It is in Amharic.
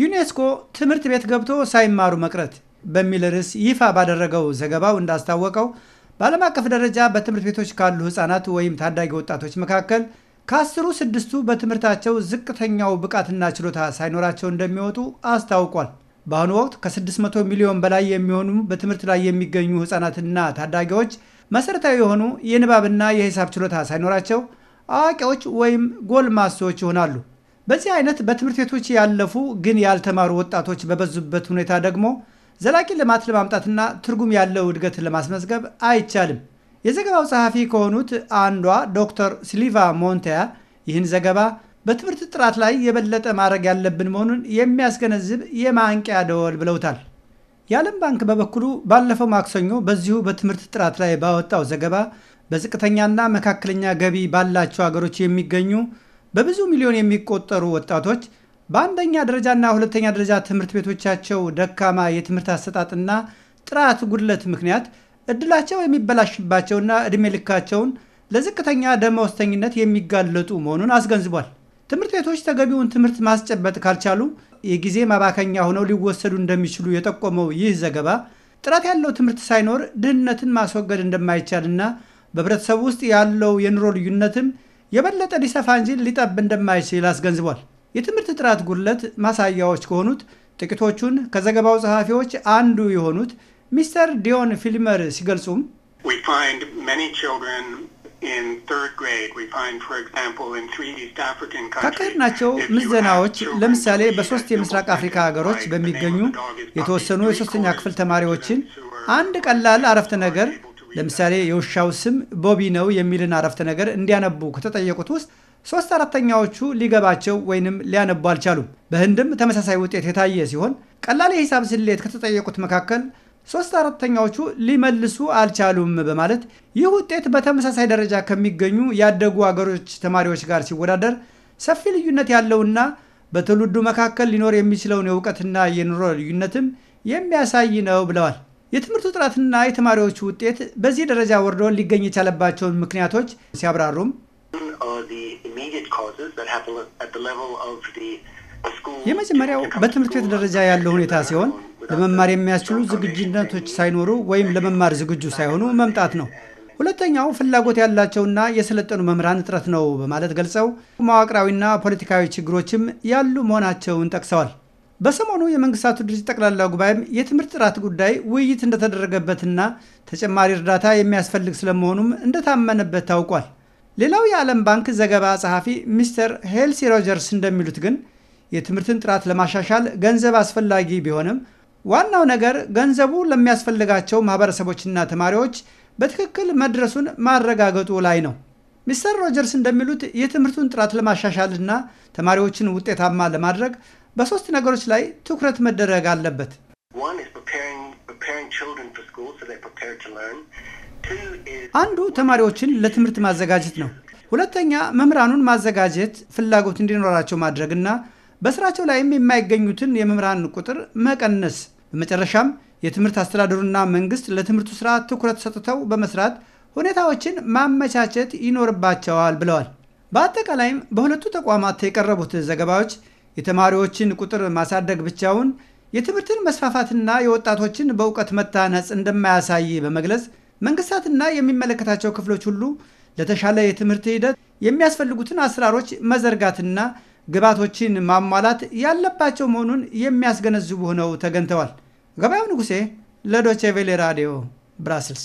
ዩኔስኮ ትምህርት ቤት ገብቶ ሳይማሩ መቅረት በሚል ርዕስ ይፋ ባደረገው ዘገባው እንዳስታወቀው በዓለም አቀፍ ደረጃ በትምህርት ቤቶች ካሉ ሕፃናት ወይም ታዳጊ ወጣቶች መካከል ከአስሩ ስድስቱ በትምህርታቸው ዝቅተኛው ብቃትና ችሎታ ሳይኖራቸው እንደሚወጡ አስታውቋል። በአሁኑ ወቅት ከ600 ሚሊዮን በላይ የሚሆኑ በትምህርት ላይ የሚገኙ ሕፃናትና ታዳጊዎች መሠረታዊ የሆኑ የንባብና የሂሳብ ችሎታ ሳይኖራቸው አዋቂዎች ወይም ጎልማሶች ይሆናሉ። በዚህ አይነት በትምህርት ቤቶች ያለፉ ግን ያልተማሩ ወጣቶች በበዙበት ሁኔታ ደግሞ ዘላቂ ልማት ለማምጣትና ትርጉም ያለው እድገት ለማስመዝገብ አይቻልም። የዘገባው ጸሐፊ ከሆኑት አንዷ ዶክተር ሲሊቫ ሞንቴያ ይህን ዘገባ በትምህርት ጥራት ላይ የበለጠ ማድረግ ያለብን መሆኑን የሚያስገነዝብ የማንቂያ ደወል ብለውታል። የዓለም ባንክ በበኩሉ ባለፈው ማክሰኞ በዚሁ በትምህርት ጥራት ላይ ባወጣው ዘገባ በዝቅተኛና መካከለኛ ገቢ ባላቸው ሀገሮች የሚገኙ በብዙ ሚሊዮን የሚቆጠሩ ወጣቶች በአንደኛ ደረጃና ሁለተኛ ደረጃ ትምህርት ቤቶቻቸው ደካማ የትምህርት አሰጣጥና ጥራት ጉድለት ምክንያት እድላቸው የሚበላሽባቸውና ዕድሜ ልካቸውን ለዝቅተኛ ደመወዝተኝነት የሚጋለጡ መሆኑን አስገንዝቧል። ትምህርት ቤቶች ተገቢውን ትምህርት ማስጨበጥ ካልቻሉ የጊዜ ማባከኛ ሆነው ሊወሰዱ እንደሚችሉ የጠቆመው ይህ ዘገባ ጥራት ያለው ትምህርት ሳይኖር ድህነትን ማስወገድ እንደማይቻልና በህብረተሰቡ ውስጥ ያለው የኑሮ ልዩነትም የበለጠ ሊሰፋ እንጂ ሊጠብ እንደማይችል አስገንዝቧል። የትምህርት ጥራት ጉድለት ማሳያዎች ከሆኑት ጥቂቶቹን ከዘገባው ጸሐፊዎች አንዱ የሆኑት ሚስተር ዲዮን ፊልመር ሲገልጹም ካካሄድናቸው ምዘናዎች ለምሳሌ በሶስት የምስራቅ አፍሪካ ሀገሮች በሚገኙ የተወሰኑ የሶስተኛ ክፍል ተማሪዎችን አንድ ቀላል አረፍተ ነገር ለምሳሌ የውሻው ስም ቦቢ ነው የሚልን አረፍተ ነገር እንዲያነቡ ከተጠየቁት ውስጥ ሶስት አራተኛዎቹ ሊገባቸው ወይንም ሊያነቡ አልቻሉም። በህንድም ተመሳሳይ ውጤት የታየ ሲሆን ቀላል የሂሳብ ስሌት ከተጠየቁት መካከል ሶስት አራተኛዎቹ ሊመልሱ አልቻሉም በማለት ይህ ውጤት በተመሳሳይ ደረጃ ከሚገኙ ያደጉ አገሮች ተማሪዎች ጋር ሲወዳደር ሰፊ ልዩነት ያለውና በትውልዱ መካከል ሊኖር የሚችለውን የእውቀትና የኑሮ ልዩነትም የሚያሳይ ነው ብለዋል። የትምህርቱ ጥራትና የተማሪዎቹ ውጤት በዚህ ደረጃ ወርዶ ሊገኝ የቻለባቸውን ምክንያቶች ሲያብራሩም የመጀመሪያው በትምህርት ቤት ደረጃ ያለው ሁኔታ ሲሆን ለመማር የሚያስችሉ ዝግጅነቶች ሳይኖሩ ወይም ለመማር ዝግጁ ሳይሆኑ መምጣት ነው። ሁለተኛው ፍላጎት ያላቸውና የሰለጠኑ መምህራን እጥረት ነው በማለት ገልጸው መዋቅራዊና ፖለቲካዊ ችግሮችም ያሉ መሆናቸውን ጠቅሰዋል። በሰሞኑ የመንግስታቱ ድርጅት ጠቅላላ ጉባኤም የትምህርት ጥራት ጉዳይ ውይይት እንደተደረገበትና ተጨማሪ እርዳታ የሚያስፈልግ ስለመሆኑም እንደታመነበት ታውቋል። ሌላው የዓለም ባንክ ዘገባ ጸሐፊ ሚስተር ሄልሲ ሮጀርስ እንደሚሉት ግን የትምህርትን ጥራት ለማሻሻል ገንዘብ አስፈላጊ ቢሆንም ዋናው ነገር ገንዘቡ ለሚያስፈልጋቸው ማህበረሰቦችና ተማሪዎች በትክክል መድረሱን ማረጋገጡ ላይ ነው። ሚስተር ሮጀርስ እንደሚሉት የትምህርቱን ጥራት ለማሻሻልና ተማሪዎችን ውጤታማ ለማድረግ በሶስት ነገሮች ላይ ትኩረት መደረግ አለበት። አንዱ ተማሪዎችን ለትምህርት ማዘጋጀት ነው። ሁለተኛ መምህራኑን ማዘጋጀት፣ ፍላጎት እንዲኖራቸው ማድረግና በስራቸው ላይም የማይገኙትን የመምህራን ቁጥር መቀነስ። በመጨረሻም የትምህርት አስተዳደሩና መንግስት ለትምህርቱ ስራ ትኩረት ሰጥተው በመስራት ሁኔታዎችን ማመቻቸት ይኖርባቸዋል ብለዋል። በአጠቃላይም በሁለቱ ተቋማት የቀረቡት ዘገባዎች የተማሪዎችን ቁጥር ማሳደግ ብቻውን የትምህርትን መስፋፋትና የወጣቶችን በእውቀት መታነጽ እንደማያሳይ በመግለጽ መንግስታትና የሚመለከታቸው ክፍሎች ሁሉ ለተሻለ የትምህርት ሂደት የሚያስፈልጉትን አሰራሮች መዘርጋትና ግብዓቶችን ማሟላት ያለባቸው መሆኑን የሚያስገነዝቡ ሆነው ተገንተዋል። ገበያው ንጉሴ ለዶቼ ቬሌ ራዲዮ ብራስልስ